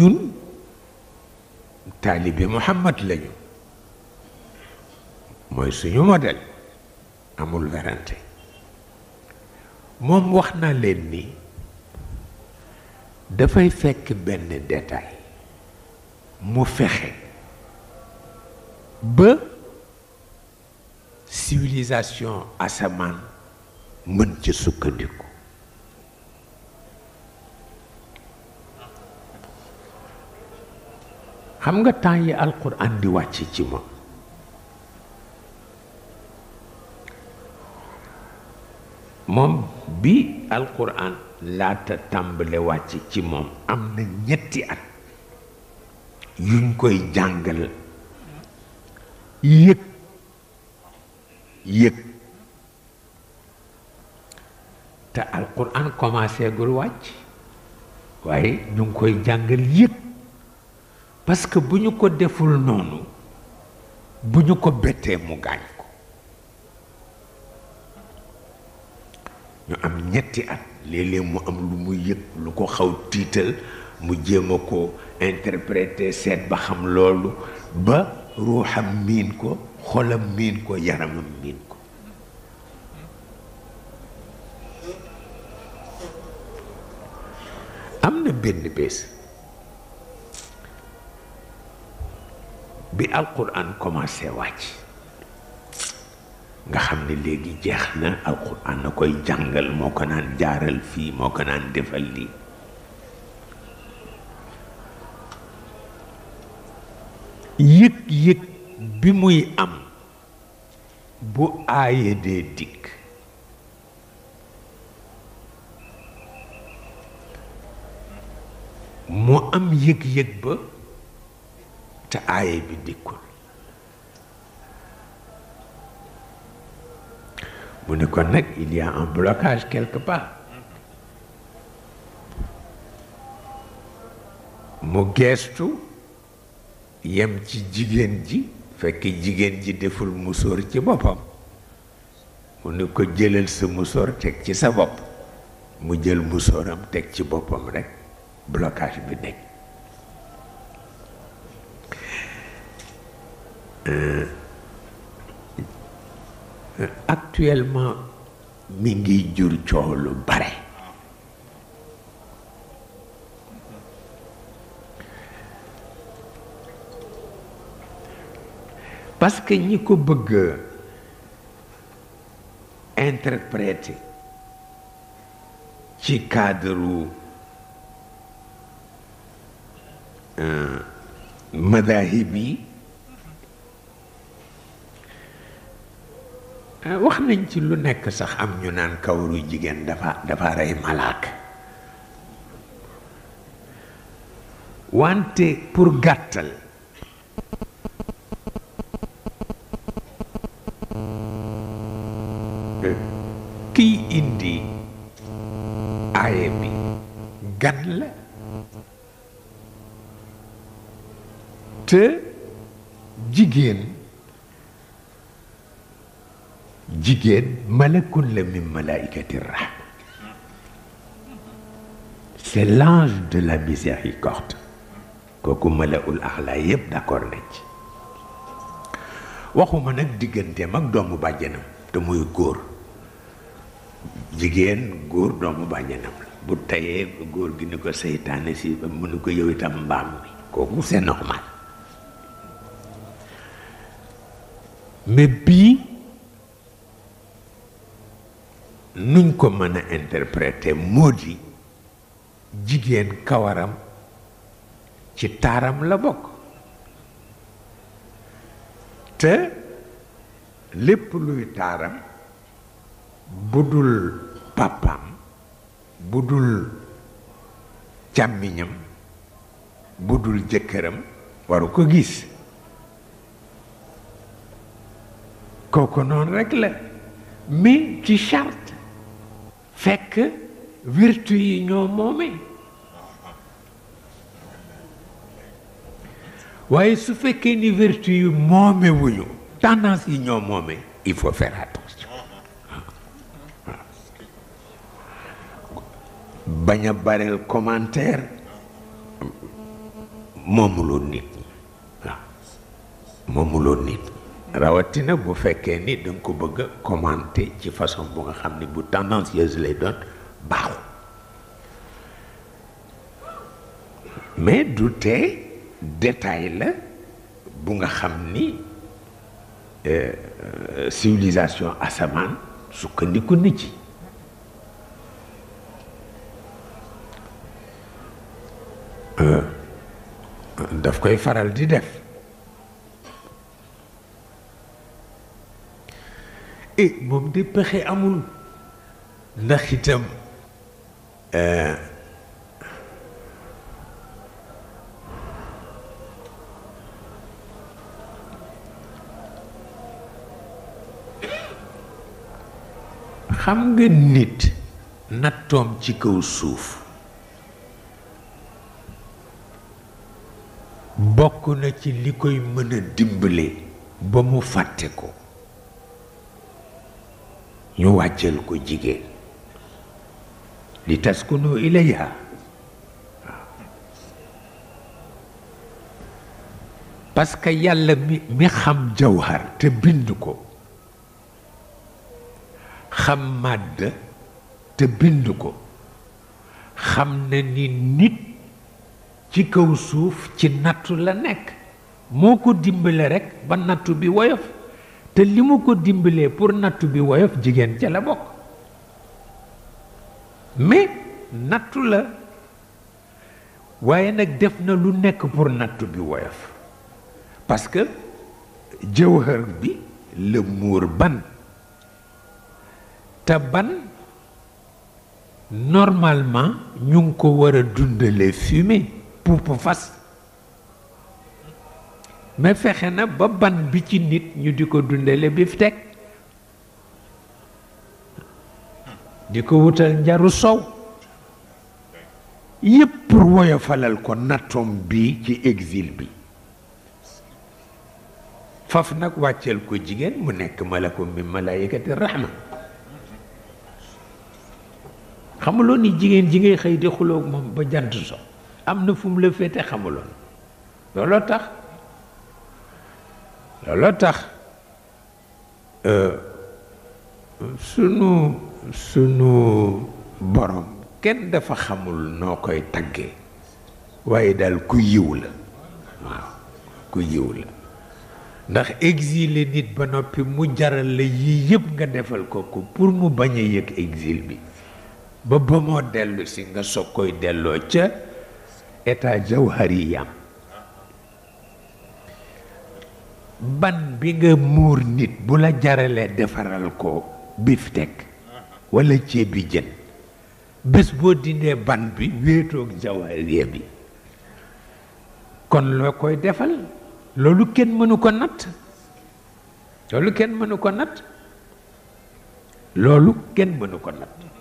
ñun taalibe Muhammad lañu mooy suñu modèle amul werante moom wax na leen ni dafay fekk benn détail mu fexe ba civilisation asamaan mën ci sukkandiku xam nga temps yi alquran di wàcc ci moom moom bi alquran laata tàmbale wàcc ci moom am na ñetti at yuñ koy jàngal yëg yëg te alquran commencé gul wàcc waaye ñu koy jàngal yëg parce que bu ñu ko deful noonu bu ñu ko bettee mu gaañ ko ñu am ñetti at léeg mu am lu mu yëg lu ko xaw tiital mu jéem a ko interpréter seet ba xam loolu ba ruuxam miin ko xolam miin ko yaramam miin ko am na benn bés bi alquran commencé wàcc nga xam ne léegi jeex na alquran na koy jàngal moo ko naan jaaral fii moo ko naan defal lii yëg-yëg bi muy am bu aaye dee dikk mu am yëg-yëg ba te aaye bi dikkul mu ne nag il y a un blocage quelque part mu geestu yem ci jigéen ji fekk jigéen ji deful musor ci boppam mu ne ko jëlal sa musor teg ci sa bopp mu jël musóoram teg ci boppam rek blocage bi nekk Euh, actuellement mi ngi jur coow lu bare parce que ñi ko bëgg interpréter ci cadre euh, madahib yi Eh, wax nañ ci lu nekk sax am ñu naan kaw kawaru jigéen dafa dafa rey malaak wante pour gàttal eh, kiy indi aaye bi gan la te jigéen jigéen malakun la min malaikati rahma c'est l'ange de la miséricorde kooku malaul axla yëpp d'accord nañ ci waxuma nag digganteem ak doomu bàjjanam te muy góor jigéen góor doomu bàjjanam la bu tayee góor gi ni ko seytaane si mënu ko yow itam mbaam mi kooku c'est normal mais nuñ ko mën a interpréter moo di jigéen kawaram ci taaram la bokk te lépp luy taaram bu dul papaam bu dul càmmiñam bu dul jëkkëram waru ko gis kooku noonu rekk la mais ci charte fekk vertu yi ñoo moomee waaye su fekkee ni vertu yi moome wuñu tendance yi ñoo moomee il faut faire attention bañ a bareel commentaire moomuloo nit moomuloo nit rawatina bu fekkee ni da ko bëgg commenter ci façon bu nga xamni bu tendancieuse lay doon baaxu mais du tee détail la bu nga xam ni euh, euh, civilisation asamaan sukkandiku na ci euh, daf koy faral di def eh moom de pexe amul ndax itam eh, xam nga nit nattoom ci kaw suuf bokk na ci li koy mëna a dimbale ba mu fàtte ko ñu wàcceel ko jigéen li taskunu ilayha parce que yàlla mi mi xam jawhar te bind ko xam màdd te bind ko xam na ni nit ci kaw suuf ci nattu la nekk moo ko dimbale rekk ba nattu bi woyof te li mu ko dimbalee pour nattu bi woyof jigéen ca la bokk mais nattu la waaye nag def na lu nekk pour nattu bi woyof parce que jëwhër bi la muur ban te ban normalement ñu ngi ko war a dundalee fumée poupe fas mais fexe na ba ban bi ci nit ñu di ko dundale biftek di ko wutal njaru soow yépp pour woyofalal ko nattoom bi ci exil bi faf nag wàcceel ko jigéen mu nekk malakum min malaayikati rahma xamuloo ni jigéen ji ngay xëy di xuloog moom ba jant so am na fu mu la féete xamuloon looloo tax looloo tax euh, sunu sunu borom kenn dafa xamul noo koy taggee waaye daal ku yiw la waaw ku yiw la ndax exilé nit ba noppi mu jaral la yii yëpp nga defal ko ko pour mu bañ a yëg exil bi ba ba moo dellu si nga soog koy delloo ca état jawhariyam ban bi nga muur nit bu la jaralee defaral ko bi biftek wala ceebi jën bés boo dindee ban bi wéetoog jawariya bi kon loo koy defal loolu kenn mënu ko natt loolu kenn mënu ko natt loolu kenn mënu ko natt